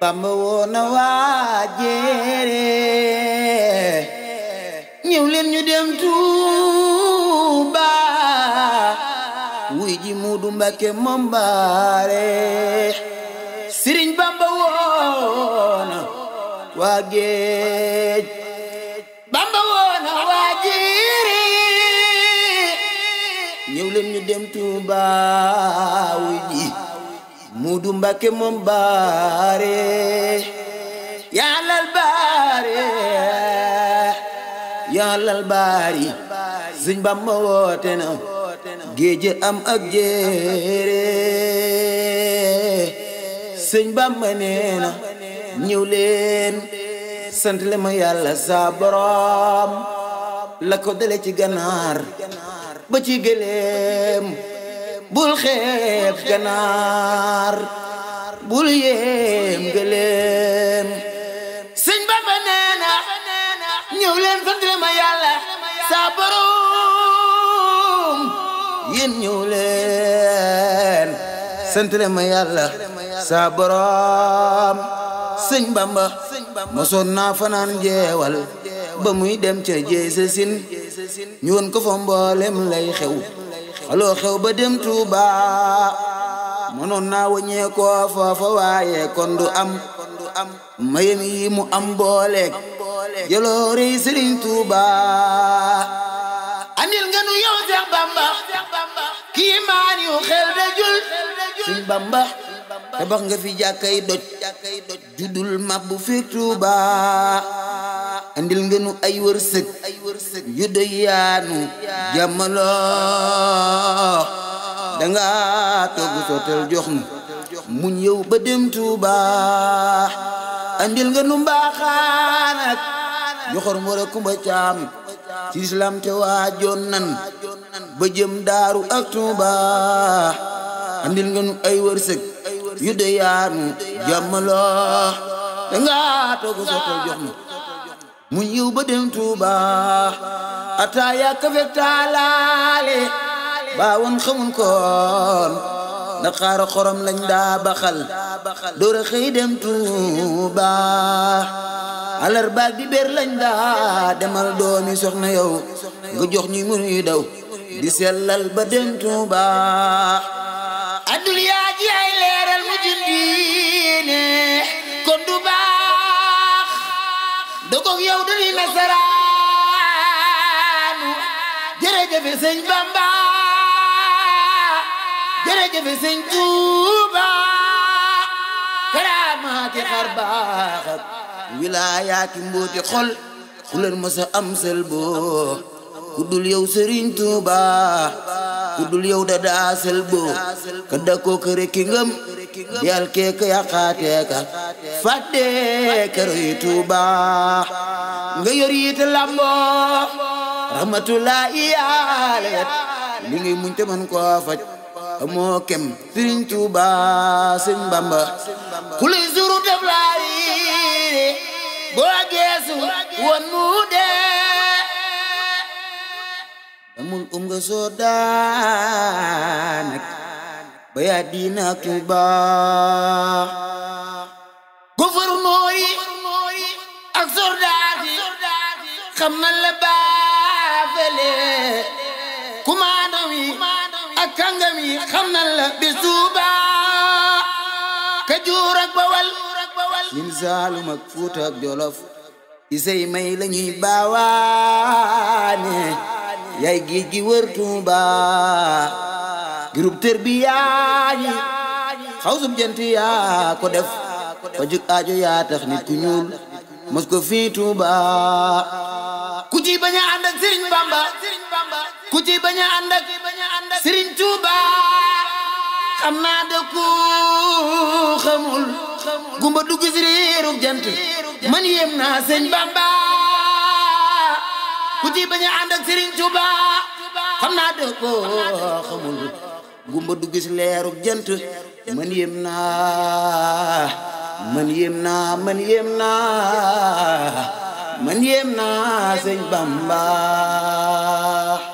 bamba woona waa jéere ñëw ñu dem Tuuba wuy ji Muudu Mbàkke moom baare bamba woona waa géej bamba ñu dem Tuuba Moodu Mbàkke moom baare yàllal baare yàllal baari Sëñ Bamba woote na géej am ak jéere Sëñ Bamba nee na leen sant ma yàlla sa borom la ko dale ci ganaar ba ci gëléem bul xeeb ganaar bul yéem gëléem sëñ Bamba nee na ñëw leen sant ma yàlla sa borom yéen ñëw leen ma yàlla sa borom sëñ Bamba mosoon naa fanaan jeewal ba muy dem ca jeese sin ñu won ko fa mboolem lay xew xaloo xew ba dem Tuuba mënoon naa wëññeekoo foofa waaye kon du am mayem yi mu am booleeg jëloore yi Tuuba andil nga nu yow Seex Bamba kii maan xel da jul Bamba tabax nga fi jàkkay doj judul mabbu fi Tuuba andil ngeen nu ay wërsëg yu doy yaanu jàmmaloo danga togg sootal jox nu muñ yow ba dem Tuuba andil ngeen nu mbaaxaan ak joxor mu rek kumba ci islam te waajoon nan ba jëm daaru ak Tuuba andil ngeen nu ay wërsëg yu de yaanu jàmm loo danga jox ma mu yiw ba dem Tuuba ataaya kafe taalaale baawoon xamul koon ndaxaara xorom lañ daa baxal door a xëy dem Tuuba alarba ak dibéer lañ daa demal doomi soxna yow nga jox ñi mënuy daw di sellal ba dem Tuuba moog yow dañuy nasaraanu jërëjëf sëñ Bamba jërëjëf sëñ Tuuba karaamaati xar baax ak wilaayaati mbooti xol ku leen mës a am sel boo ku dul yow Sëriñ Tuuba ku dul yow da daasal boo ka da ko kër yal kee ka yaqaatee ka fàttee tuuba nga yor lamboo rahmatullahi alayhi li ngay muñ te man koo faj amoo kem sëriñ tuuba ku lay zuru def laari boo geesu woon mu dee umul um nga soo daanak ba yaa diina Tuuba gouverneur yi ak soldat yi xam na la baafale kumaandam yi ak kàngam yi xam na la bis Tuuba Kajoor ak Bawal min Saalum ak Fuuta ak Jolof isay may lañuy baawaane yaay géej gi wër Tuuba girub tër bi yaañi xaw sum jant yaa ko def fa jug nit ku ñuul mos ko fii Tuuba ku ci bañ a Bamba ku ci bañ a Tuuba xam naa de ku gumba dugg si réerug jant man yem naa Sëriñ Bamba ku ci bañ a ànd ak Serigne Touba xam naa de ko gumba du gis jant man yem naa man yem naa man yem naa man yem naa sëñ Bamba